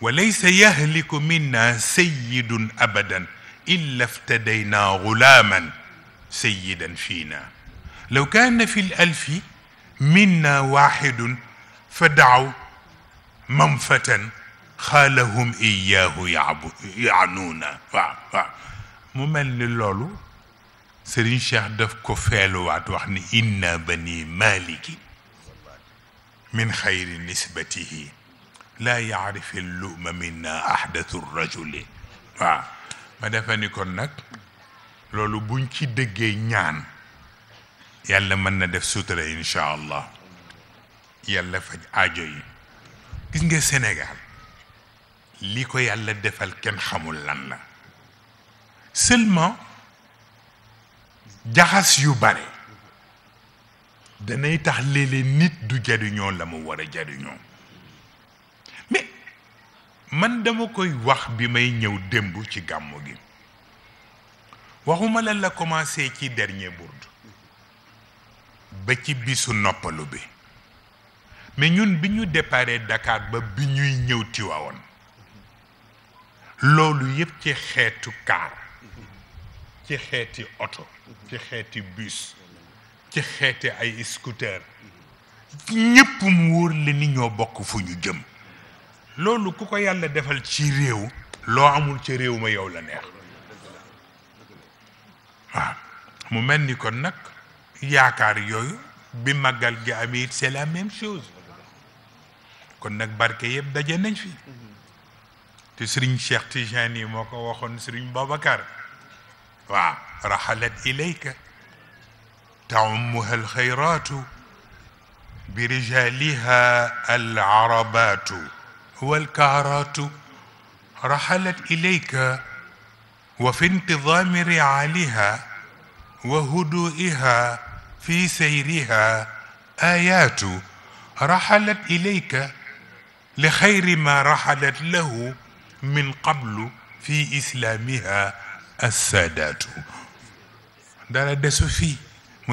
وليس يهلك منا سيد أبدا إلا افتدينا غلاما سيدا فينا لو كان في الألف منا واحد فدعوا منفة xaalahum iyaahu yaabu yaanuuna waaw waaw mu mel ni loolu Serigne Cheikh daf ko feeluwaat wax ni inna bani maliki min xayri nisbatihi laa yaarifi luma minna ahdathu rajuli ma defe ni kon nag loolu buñ ci dëggee ñaan yàlla mën na def sutura incha allah yàlla faj aajo yi gis nga Sénégal ko yàlla defal kenn xamul lan la seulement jaxas yu bare danay tax léeg-léeg nit du jariñoo la mu war a man dama koy wax bi may ñëw démb ci gàmmu gi waxuma la la commencé ci dernier bourde ba ci bisu noppalu bi mais bi ñu deparee Dakar ba bi ñuy ñëw Tiwaawoon loolu yépp ci xeetu kaar ci xeeti oto ci xeeti bus ci xeeti ay scooter ñépp mu wóor la ni ñoo bokk fu ñu jëm loolu ku ko yàlla defal ci loo amul ci réew ma yow la neex mu mel ni kon nag yaakaar yooyu bi màggal gi amee it c'est la même chose kon nag barke yëpp daje nañ fi te sëriñ Cheikh Tijani moo ko waxoon sëriñ Babacar waaw raxalat ilayka taummuha bi rijaliha al arabaatu والكعرات رحلت إليك وفي انتظام رعالها وهدوئها في سيرها آيات رحلت إليك لخير ما رحلت له من قبل في إسلامها السادات dara desu fii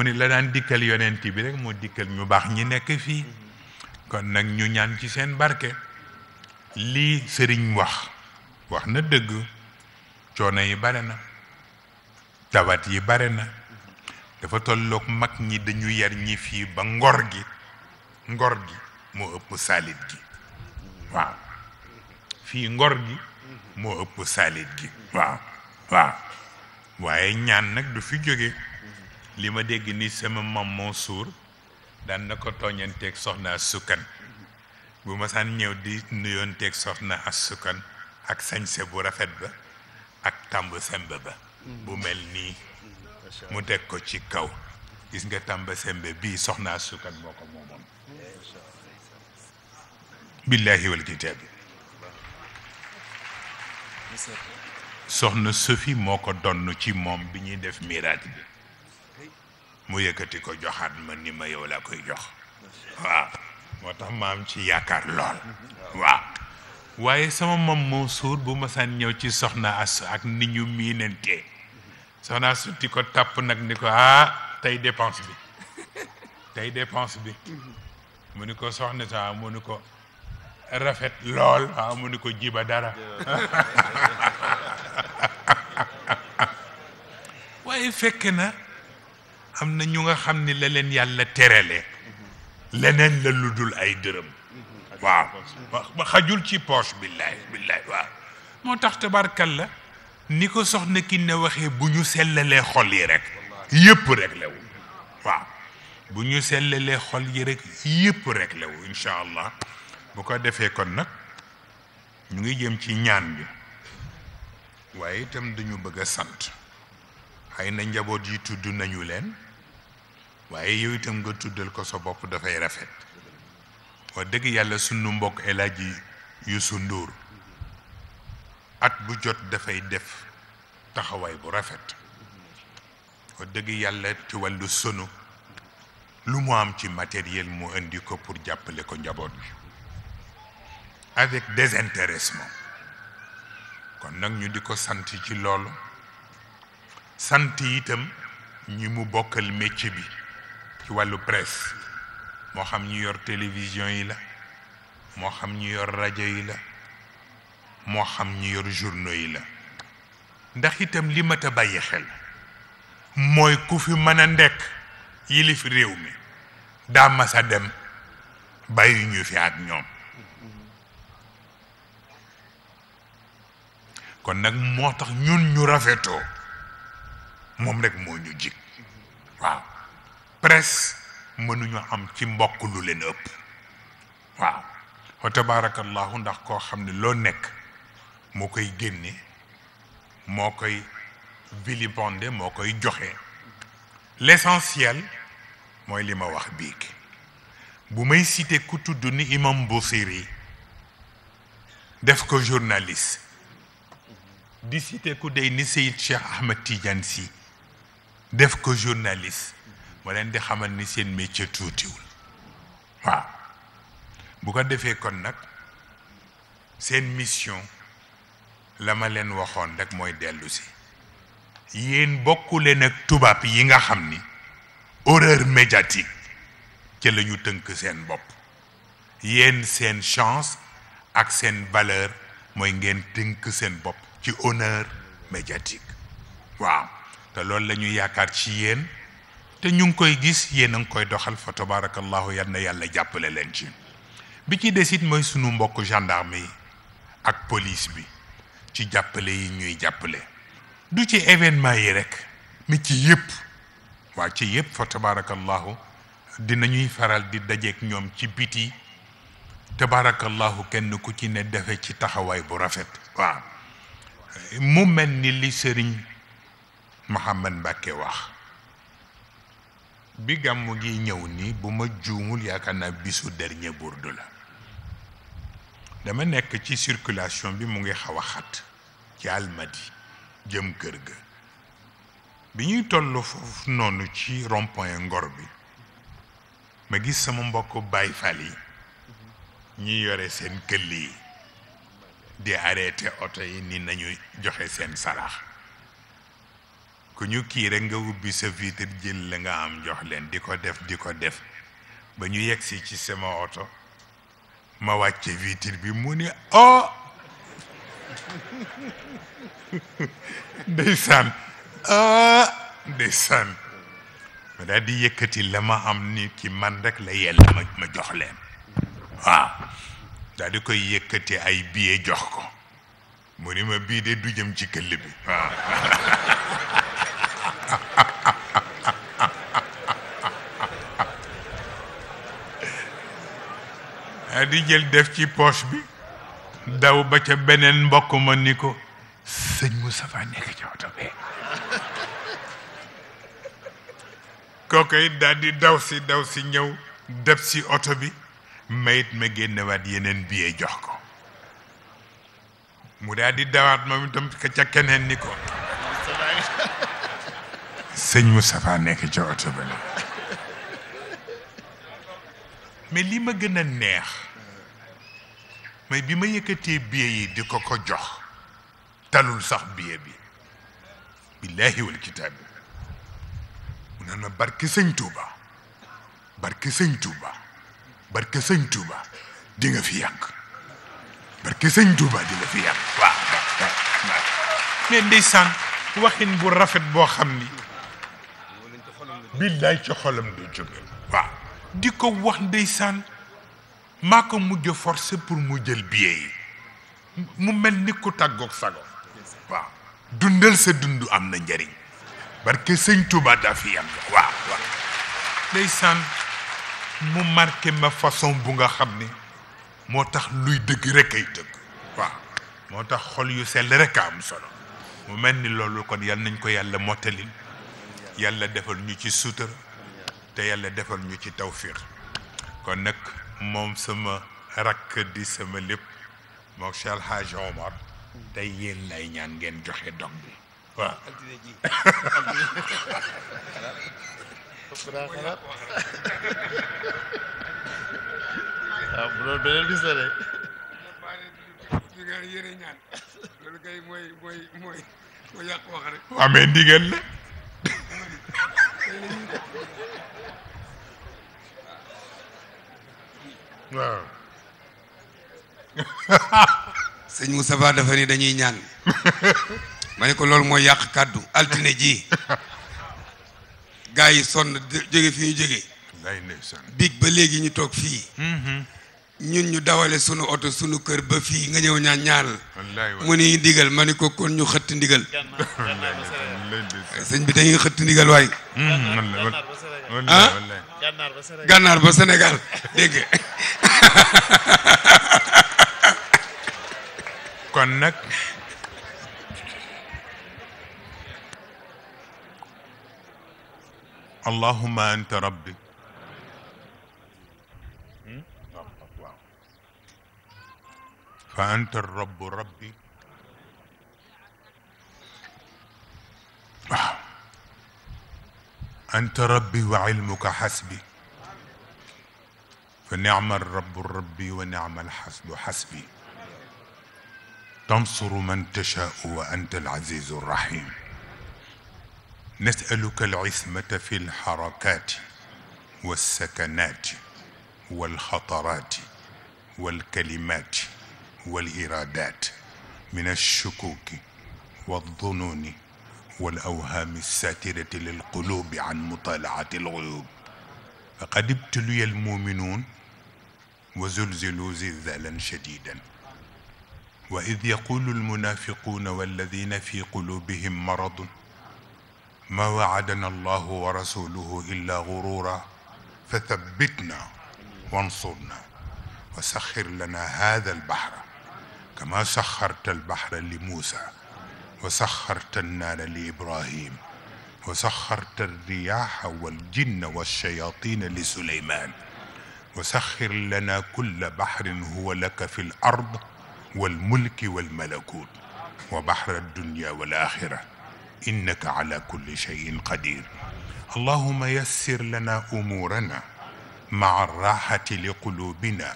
mu ni la daan dikkal yonent bi rek moo dikkal ñu baax ñi nekk fii kon nag ñu ñaan ci seen barke lii sëriñ wax wax na dëgg coono yi bare na tawat yi bare na dafa tollook mag ñi dañu yar ñi fii ba ngor gi ngor gi moo ëpp saalit gi waaw ngor gi moo ëpp saalit waaye ñaan nag du fi jóge li ma dégg ni sama mam Mansour daan na ko tooñanteeg soxnaa sukkan bu masaan ñëw di nuyoon teeg soxna asukan ak sañse bu rafet ba ak tàmb sembe ba bu mel nii mu teg ko ci kaw gis nga tàmb sembe bii soxna asukan moo ko billaahi wal bi soxna Sofi moo ko donn ci moom bi ñuy def miraat mu yëkkati ko joxaat ma ni ma yow laa koy jox waaw moo tax ma am ci yaakaar lool waaw waaye sama mam Mansour bu masaan ñëw ci soxna Asu ak ni ñu miinantee soxna Asu di ko tàpp nag ni ko ah tey dépense bi tey dépense bi mu ni ko soxna sa ah, mu ni ko rafet lool waaw ah, mu ni ko jiba dara waaye fekk na am na ñu nga xam ni la leen yàlla terale leneen la lu dul ay dërëm mm-hmm. waaw xajul ci poche billaay billaay waaw moo tax tabarkal la ni ko soxna ki ne waxee bu ñu sellalee xol yi rek yépp rek lewu waaw bu ñu sellalee xol yi yëpp rek lewu incha allah bu ko defee kon nag ñu ngi jëm ci ñaan bi waaye itam dañu bëgg a sant xëy na njaboot yi tudd nañu leen waaye yow itam nga tuddal ko sa bopp dafay rafet wax dëgg yàlla sunu mbokk El yu Youssou Ndour at bu jot dafay def taxawaay bu rafet wax dëgg yàlla ci wàllu sunu lu mu am ci matériel mu indi ko pour jàppale ko njaboot bi avec désintéressement kon nag ñu di ko sant ci loolu sant itam ñi mu bokkal métier bi ci wàllu presse moo xam ñi yor télévision yi la moo xam ñi yor rajo yi la moo xam ñu yor journaux yi la ndax itam li mat a bàyyi xel mooy ku fi mën a ndekk yilif réew mi daa mas a dem bàyyi ñu fi ak ñoom kon nag moo tax ñun ñu rafetoo moom rek moo ñu jig waaw presse mënuñu am ci mbokk lu leen ëpp waaw wa tabaarakallahu ndax koo xam ne loo nekk moo koy génne moo koy vilipender moo koy joxe l'essentiel mooy li ma wax biig bu may cité ku tudd ni imam Busiri def ko journaliste di cité ku dey ni Seyid Cheikh Ahmed Tidiane Sy def ko journaliste ma leen di xamal ni seen métier tuutiwul waaw bu ko defee kon nag seen mission lama leen waxoon rek mooy dellusi si yéen bokku leen ak tubaab yi nga xam ni horreur médiatique ca la ñu tënk seen bopp yéen seen chance ak seen valeur mooy ngeen tënk seen bopp ci honneur médiatique waaw te loolu lañu yaakaar ci yéen te ñu ngi koy gis yéen a ngi koy doxal fa tabarakallahu yal na yàlla jàppale leen ci bi ci des it mooy sunu mbokk gendarme yi ak police bi ci jàppale yi ñuy jàppale du ci événement yi rekk mi ci yëpp waa ci yëpp fa tabarakallahu dinañuy faral di dajeek ñoom ci biti tabarakallahu kenn ku ci ne defe ci taxawaay bu rafet waaw mu mel ni li sëriñ Mouhamad Mbacke wax bi gàmmu ngi ñëw ni bu ma juumul yaakaar naa bisu dernier bourde la dama nekk ci circulation bi mu ngi xaw a xat ci almadi jëm kër ga bi ñuy toll foofu noonu ci rond-point ngor bi ma gis sama mbokk Baay Faal yi ñi yore seen këll yi di arrêté oto yi ni nañu joxe seen sarax ku ñu kii rek nga ubbi sa vitre jël la nga am jox leen di ko def di ko def ba ñu yegsi ci sama oto ma wàcce vitre bi mu ni oh ndeysaan ah ndeysaan ma daal di yëkkati la ma am ni ki man rek la yella ma ma jox di koy yëkkati ay billet jox ko mu ni ma bii de du jëm ci këll bi waaw di jël def ci poose bi daw ba ca beneen mbokk ma ni ko sëñ Moustapha nekk ca oto bee kooku it daw si daw si ñëw def si oto bi mayit ma génnewaat yeneen billet jox ko mu daal di dawaat moom itam ca keneen ni ko sëñ Moustapha nekk ca oto ba mais li ma gën a neex mais bi ma yëkkatee billet yi di ko ko jox talul sax billet bi billaahi wal kitaab bi mu ne ma barke sëñ Touba barke sëñ Touba barke sëñ fi yàgg barke sëñ Touba di nga fi yàgg waaw waxin bu rafet boo xam ni billaay ci xolam du jóge waaw di ko wax ndeysaan maa ko mujj force pour mu jël billet mu mel ni ku tàggook sago waaw dundal sa dund am na njariñ parce que sëñ Touba daa fi yàgg waaw waaw ndeysaan mu marqué ma façon bu nga xam ni moo tax luy dëgg rek ay dëgg waaw moo tax xol yu sell rek a am solo mu mel ni loolu kon yal nañ ko yàlla mottalil yàlla defal ñu ci sutura te yàlla defal ñu ci tawfiq kon nag moom sama rakk di sama lépp mook Cheikh Al Omar tey yéen lay ñaan ngeen joxe dog bi waaw waaw ah, loolu beneen bis la de. waaw ndigal la. waaw sëñ dafa ni dañuy ñaan ma ne ko loolu mooy yàq kàddu altine ji gars yi sonn jóge fi ñu jóge biig ba léegi ñu toog fii mm-hmm. ñun ñu dawale sunu oto sunu kër ba fii nga ñëw ñaan ñaanal mu ni ndigal ma ni ko kon ñu xëtt ndigal sëñ bi dañuy xëtt ndigal waay. ah gànnaar ba Sénégal dégg kon nag. allahumma anta rabbi. fa anta rabbu rabbi. waaw anta rabbi wa ilmuka xasbi fa nicma rabu rabbi wa nicma alxasbu xasbi tansuru man tachaau wa anta alazizu arrahim nasaluka alcismata fi alxarakaati walsakanaati walxataraati walkalimaati waliraadaat min alshukuuki waldunuuni والأوهام الساترة للقلوب عن مطالعة الغيوب فقد ابتلي المؤمنون وزلزلوا زلزالا شديدا وإذ يقول المنافقون والذين في قلوبهم مرض ما وعدنا الله ورسوله إلا غرورا فثبتنا وانصرنا وسخر لنا هذا البحر كما سخرت البحر لموسى wa saxarta annaara li ibrahim wa saxarta arriyaaha waljinna walshayaatina li suleyman wa saxir lana kulla baxrin huwa laka fi l ard walmulki walmalakut wa baxra addunya walaxira innaka ala kulli cheyin qadir allahuma yassir lana umuurana maa arraxati li quluubina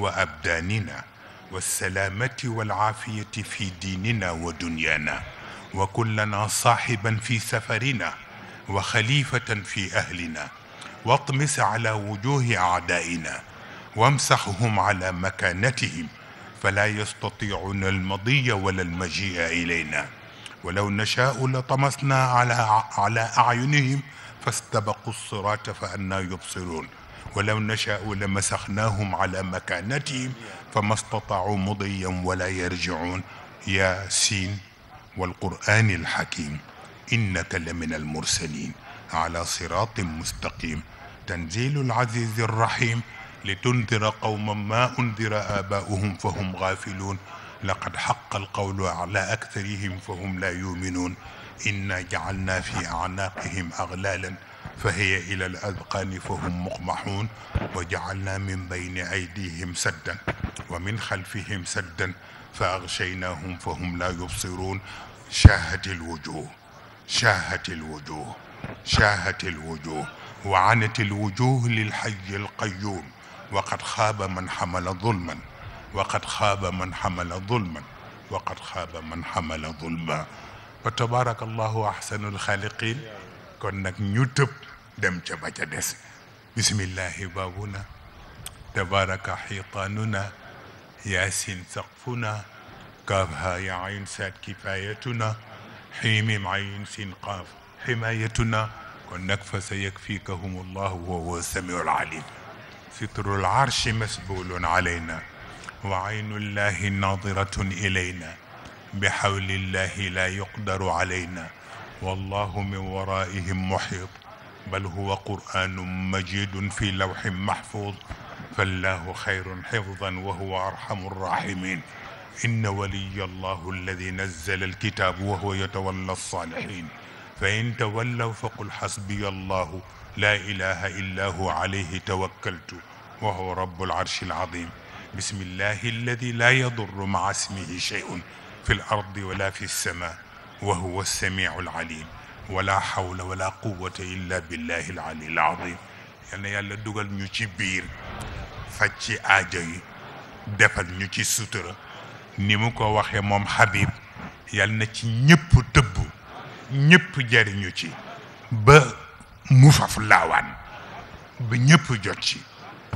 wa abdaanina والسلامة والعافية في ديننا ودنيانا وكلنا صاحبا في سفرنا وخليفة في أهلنا واطمس على وجوه أعدائنا وامسحهم على مكانتهم فلا يستطيعون المضي ولا المجيء إلينا ولو نشاء لطمسنا على على أعينهم فاستبقوا الصراط فأنا يبصرون walaw nachaau la masaxnaahum ala makanatihim fa ma stataau mudiyan wala yarjiun ya siin walqurani alxakim innaka la min almursalin ala siratin mustaqim tanzilu alazizi arrahim litundira qawman ma undira abaauhum fa hum gaafiluun laqad xaqa alqawlu ala aktarihim fa hum la yuminuun inna jacalna fi acnaaqihim aglaalan فهي إلى الأذقان فهم مقمحون وجعلنا من بين أيديهم سدا ومن خلفهم سدا فأغشيناهم فهم لا يبصرون شاهت الوجوه شاهت الوجوه شاهت الوجوه وعنت الوجوه للحي القيوم وقد خاب من حمل ظلما وقد خاب من حمل ظلما وقد خاب من حمل ظلما فتبارك الله أحسن الخالقين kon nag ñu tëb dem ca ba ca des bismillahi baabuna tabaraka xiitaanuna yaasin saqfuna kaaf haa ya ayn saad kifaayatuna xiimim ayn sin qaaf ximaayatuna kon nag fa sa yakfikahum allahu wa huwa samiul alim sitrul arshi masbulun alayna wa aynullahi nadiratun ilayna bi xawlillahi la yuqdaru alayna wallahu min waraihim muxiit bal huwa quranu majidun fi lawxin maxfuud fallahu xayrun xifdan wa huwa arxamu rraximin inna waliya allahu alladi nazala alkitab wa huwa yatawalla alsaalixin fa in tawallaw faqul xasbiya allahu laa ilaha illa hu alayhi tawakkaltu wa huwa rabu alarshi alazim bismillahi alladi laa yadurru maca ismihi sheyun fi alardi wala fi alsama wa huwa alsamicu alalim wala hawla wala quwwata illa billahi al-ali al-azim yal na yàlla dugal ñu ci biir faj ci aajo yi defal ñu ci sutura ni mu ko waxee moom Habib yal na ci ñëpp tëbb ñëpp jariñu ci ba mu faf laawaan ba ñëpp jot ci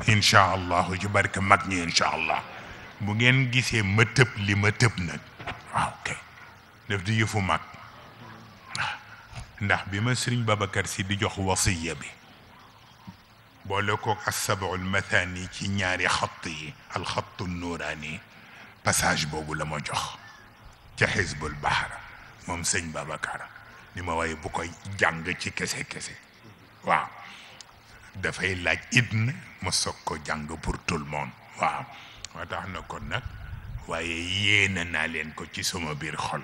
incha allahu ci barke mag ñi incha allah bu ngeen gisee ma tëb li ma tëb nag waaw kay def di yëfu mag ndax bi ma sëriñ Babacar si di jox wasiya bi boole koog assabaul mathani ci ñaari xatt yi alxattu nuuraani passage boobu la ma jox ca xisbul bahra moom sëñ Babacar ni ma waaye bu koy jàng ci kese kese waaw dafay laaj idn ma soog ko jàng pour tout le monde waaw moo tax na kon nag waaye yéena naa leen ko ci sama biir xol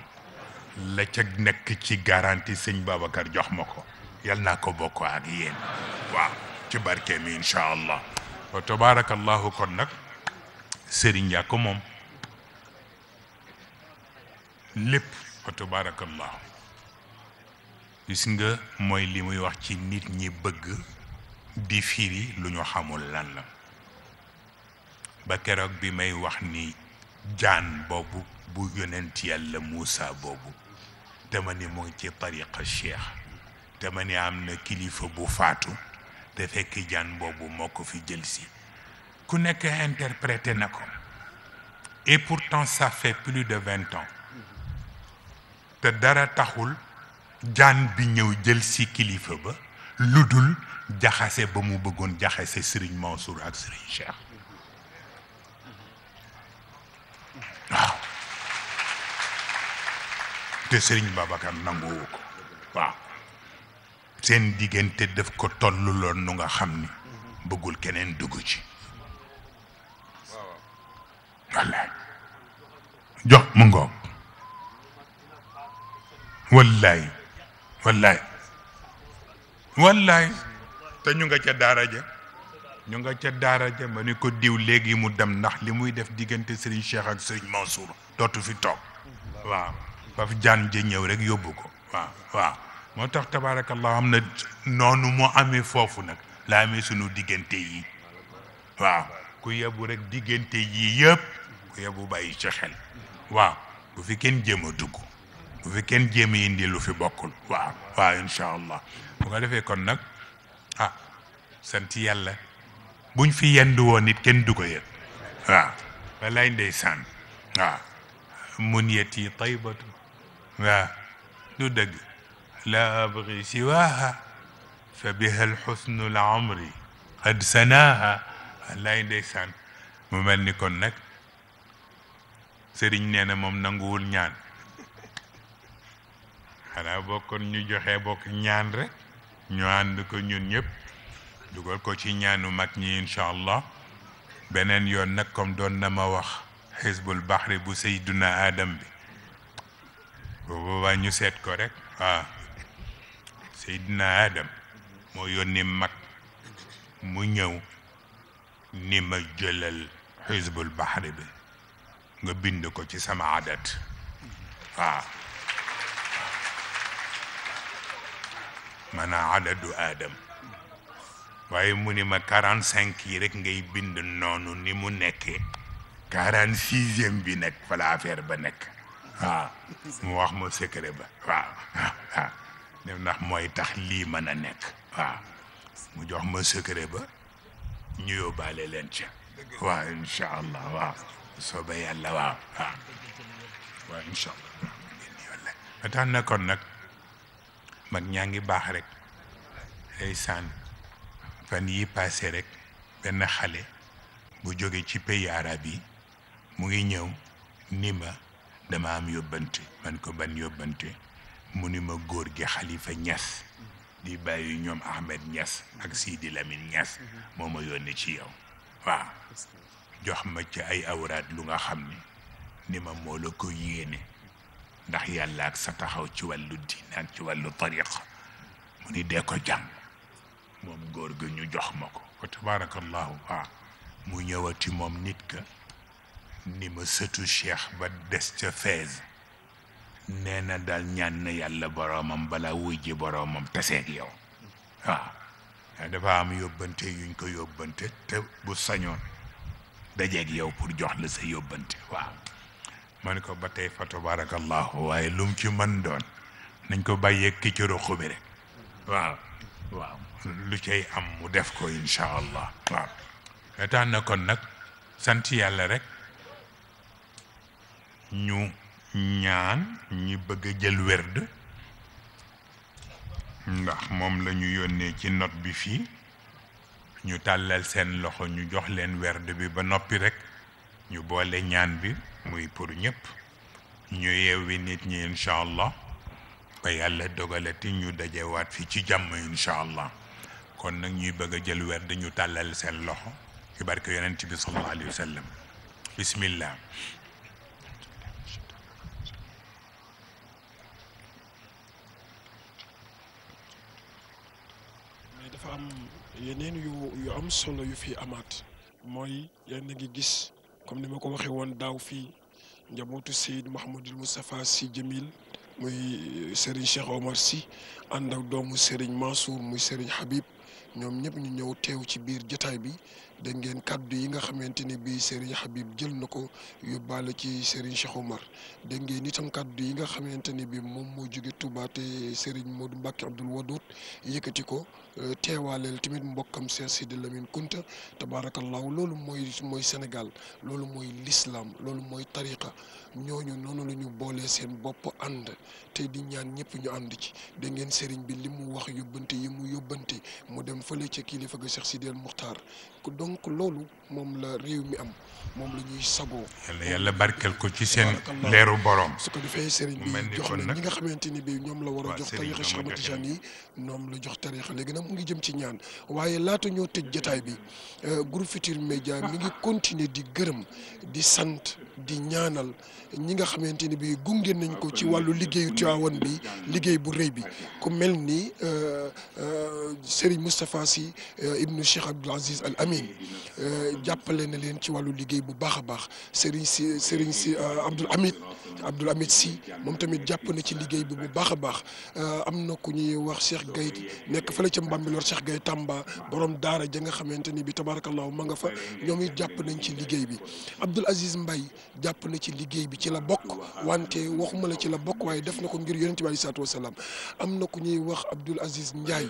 la ca nekk ci garanti sëñ Babacar jox ma ko yal naa ko bokk ak yéen waaw ci barke mi incha allah wa kon nag sëriñ yaa ko moom lépp wa tabaarakallahu nga mooy li muy wax ci nit ñi bëgg di firi lu ñu xamul lan la ba keroog bi may wax ni jaan boobu bu yonent yàlla Moussa boobu dama ni moo ngi ci tariqa cheikh dama ni am na kilifa bu faatu te fekk jaan boobu moo ko fi jël si ku nekk interprété na ko et pourtant ça fait plus de vingt ans te dara taxul jaan bi ñëw jël si kilifa ba lu dul jaxase ba mu bëggoon jaxase Serigne Mansour ak Serigne Cheikh te sëriñ Babacar nanguwu ko waaw seen diggante def ko tollu loon nu nga xam ni bëggul keneen dugg ci wallaay jox mu ngoog wallaay wallaay wallaay te ñu nga ca daara ja ñu nga ca daara ja ma ni ko diw léegi mu dem ndax li muy def diggante Serigne Cheikh ak Serigne Mansour dootu fi toog waaw faf jaan ja ñëw rek yóbbu ko waaw waaw moo tax tabaarakallahu am na noonu moo amee foofu nag la amee sunu diggante yi waaw ku yebu rekk diggante yi yépp ku yebu bàyyi ci xel waaw bu fi kenn jéem a dugg bu fi kenn jéema a indi lu fi bokkul waaw waaw incha allah bu ko defee kon nag ah sant yàlla buñ fi yendu woon nit kenn du ko yëg waaw walaay ndeysaan waaw mun yet yi taybatu waaw du dëgg la abri siwaha fa biha alxusnu l amri qad sanaaha wallaay ndeysaan mu mel ni kon nag sëriñ nee na moom nanguwul ñaan xanaa bokkoon ñu joxe bokk ñaan rek ñu ànd ko ñun ñëpp dugal ko ci ñaanu mag ñi incha allah beneen yoon nag comme doon na ma wax xisbul baxri bu sayduna aadam bi bu ñu seet ko rek waaw ah, Seydina Adam moo yónni mag mu ñëw ni jëlal xisbul baxri bi nga bind ko ci sama adat waaw ah. adadu Adam waaye mu ni ma cinq yi rek ngay bind noonu ni mu nekkee bi nekk fa la affaire ba nekk waaw mu wax ma secret ba waaw ndax mooy tax lii mën a nekk waaw mu jox ma secret ba ñu yóbbaale leen ca waaw incha allah waaw soobe yàlla waaw waaw waaw allah waaw tax na kon nag mag ñaa ngi baax rek ay saan fan yi passé rek benn xale bu jóge ci pays arabe yi mu ngi ñëw ni ma dama am yóbbante man ko ban yóbbante mu ni ma góor gi xalifa ñas di bàyyi ñoom Ahmed ñas ak Sidi ñas moo ma yónnee ci yow waaw jox ma ci ay awraat lu nga xam ni ni ma moo la ko yéene ndax yàlla ak sa taxaw ci wàllu diin ak ci wàllu tariqa mu ni dee ko jàng moom góor gi ñu jox ma ko wa tabaarakallahu waaw mu ñëwati moom nit ka ni ma sëtu cheikh ba des ca fees nee na daal ñaan yàlla boroomam balaa wuy ji boroomam yow waaw ah, dafa am yóbbante yuñ ko yóbbante te bu sañoon dajeeg yow pour jox la sa yóbbante waaw ma ne ko ba tey fa tabarakallahu waaye lum ci mën doon nañ ko bàyyeeg ki ci ruq bi rek waaw waaw lu cay am mu def ko incha allah waaw tax na kon nag sant yàlla rek ñu ñaan ñi bëgg jël werd ndax moom la ñu yónnee ci not bi fii ñu tàllal seen loxo ñu jox leen werd bi ba noppi rekk ñu boole ñaan bi muy pour ñëpp ñu yeewi nit ñi incha allah ba yàlla dogalati ñu dajewaat fi ci jàmm incha allah kon nag ñuy bëgg jël werd ñu tàllal seen loxo ci barke yonent bi sallallahu alayhi wa bismillah dafa am yeneen yu yu am solo yu fi amaat mooy yéen a ngi gis comme ni ma ko waxee woon daaw fii njabootu Seyd Mouhamadul Moustapha si Djamil muy euh, Serigne Cheikh Omar Sy ànd ak doomu Serigne Mansour muy Serigne Habib ñoom ñëpp ñu ñëw teew ci biir jataay bi da ngeen kàddu yi nga xamante ni bii Serigne Habib jël na ko yóbbaale ci Serigne Cheikh Omar da ngeen itam kàddu yi nga xamante ni bii moom moo jóge Touba te Serigne Modou Mbacke Abdoul Wadoud yëkkati ko. Euh, teewaaleel tamit mbokkam Cheikh Sidi Lamine Kunta tabaarakallaahu loolu mooy mooy Sénégal loolu mooy lislaam loolu mooy tariqa ñooñu noonu la ñu boolee seen bopp ànd te di ñaan ñëpp ñu ànd ci da ngeen sëriñ bi li mu wax yóbbante yi mu yóbbante mu dem fële ca kilifa ga Cheikh Sidi El Muxtaar donc loolu moom la réew mi am moom la ñuy sagoo. yàlla yàlla barkeel ko ci seen. leeru borom su ko defee sëriñ bi jox na ñi nga xamante ni bi ñoom la war a jox tariqa Cheikh Ahmad Tijaan yi ñoom la jox tariqa léegi mu ngi jëm ci ñaan waaye laata ñoo tëj jotaay bi euh, groupe Futurs Médias mi ngi continuer di gërëm di sant di ñaanal ñi nga xamante ni bi gunge nañ ko ci ah, wàllu liggéeyu Tivaouane bi liggéey bu rëy bi ku mel ni euh, euh, Serigne Moustapha si euh, ibnu Cheikh Abdoul Aziz Al Amin jàppale na leen ci wàllu liggéey bu baax a baax Serigne si Serigne si Abdoul Hamid Abdoul Hamid moom tamit jàpp na ci liggéey bi bu baax a baax am na ku ñuy wax Cheikh Gaye nekk fële ca Mbambilor Cheikh Gaye Tamba borom daara ja nga xamante ni bi tabarakallahu ma nga fa ñoom it jàpp nañ ci liggéey bi Abdoul Aziz Mbaye jàpp na ci liggéey bi ci la bokk wante waxuma la ci la bokk waaye def na ko ngir yonent bi aleyhi salaatu wasalaam am na ku ñuy wax Abdoul Aziz Ndiaye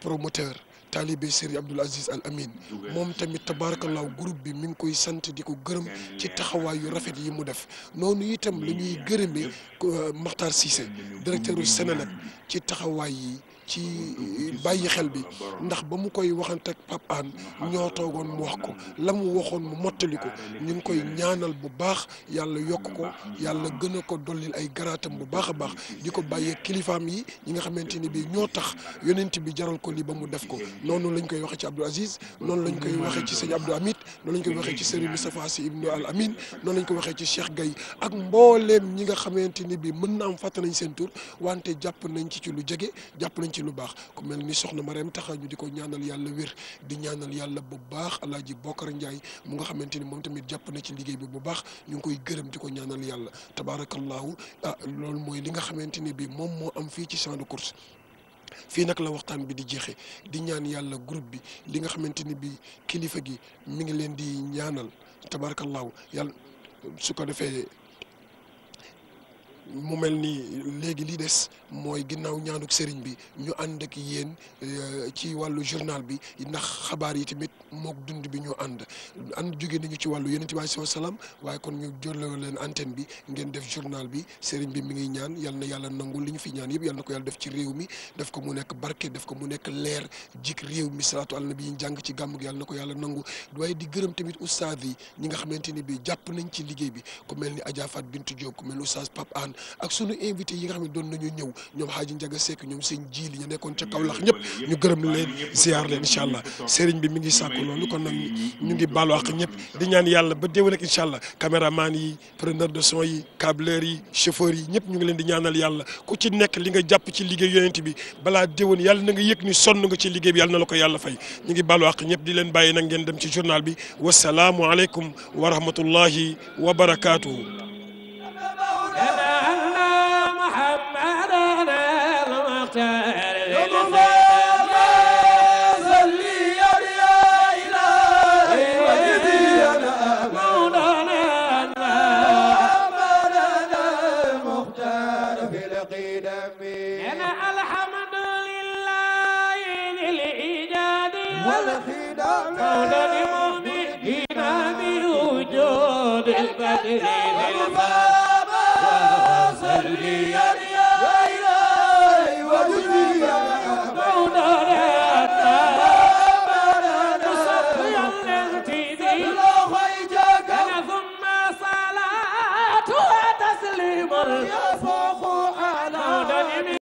promoteur taalibe Serigne Abdoul Aziz Al Amin moom tamit tabaarakallaahu groupe bi mi ngi koy sant di ko gërëm ci taxawaay yu rafet yi mu def noonu itam la ñuy gërëmee euh, Makhtar Cissé directeur u Sénélec ci taxawaay yi ci eh, bàyyi xel bi ndax ba mu koy waxante ak Pape Hann ñoo toogoon mu wax ko la mu waxoon mu mottali ko ñu ngi koy ñaanal bu baax yàlla yokk ko yàlla gën a ko dollil ay garaatam bu baax a baax di ko bàyyee kilifaam yi ñi nga xamante ni bii ñoo tax yonent bi jaral ko li ba mu def ko noonu lañ koy waxee ci Abdou Aziz noonu lañ koy waxee ci sëñ Abdou Hamid noonu lañ koy waxee ci sëriñ Moustapha Sy Ibn Al Amin noonu ko waxee ci Cheikh Gaye ak mbooleem ñi nga xamante ni bii mën na am fàtte nañ seen tur wante jàpp nañ ci ci lu jege jàpp nañ ci ci lu baax ku mel ni soxna Marème taxa ñu di ko ñaanal yàlla wér di ñaanal yàlla bu baax alaaji Bokar njaay mu nga xamante ni moom tamit jàpp na ci liggéey bi bu baax ñu ngi koy gërëm di ko ñaanal yàlla tabaarakallaahu ah loolu mooy li nga xamante ni bi moom moo am fii ci champ de fii nag la waxtaan bi di jeexee di ñaan yàlla groupe bi li nga xamante ni bi kilifa gi mu ngi leen di ñaanal tabaarakallaahu yàlla su ko defee mu mel ni léegi li des mooy ginnaaw ñaanuk sëriñ bi ñu ànd ak yéen euh, ci wàllu journal bi ndax xabaar yi tamit mook dund bi ñoo ànd ànd jóge nañu ci wàllu yonent bi alayhi salaam waaye kon ñu jëloo leen antenne bi ngeen def journal bi sëriñ bi mi ngi ñaan yal na yàlla nangu li ñu fi ñaan yëpp yal ko yàlla def ci réew mi def ko mu nekk barke def ko mu nekk leer jik réew mi salaatu àlla bi ñu ci gàmm yàlla na ko yàlla nangu waaye di gërëm tamit oustaz yi ñi nga xamante ni bi jàpp nañ ci liggéey bi mel ni Adja Fat Bintou Diop ku mel ni ak sunu invité yi nga xam ne doon nañu ñëw ñoom xaaji njaga sekk ñoom seen ji li ñu nekkoon ca Kaolack ñëpp ñu gërëm leen ziar leen incha allah sëriñ bi mi ngi sàkk loolu kon nag ñu ngi baalu ak ñëpp di ñaan yàlla ba déwén ak incha allah caméraman yi preneur de son yi câbleur yi chauffeur yi ñëpp ñu ngi leen di ñaanal yàlla ku ci nekk li nga jàpp ci liggéey yonent bi balaa déwén yàlla na nga yëg ni sonn nga ci liggéey na la ko yàlla fay ngi baalu ak ñëpp di leen bàyyi nag ngeen dem ci journal bi wasalaamu aleykum wa rahmatullahi wa barakaatuhu إليه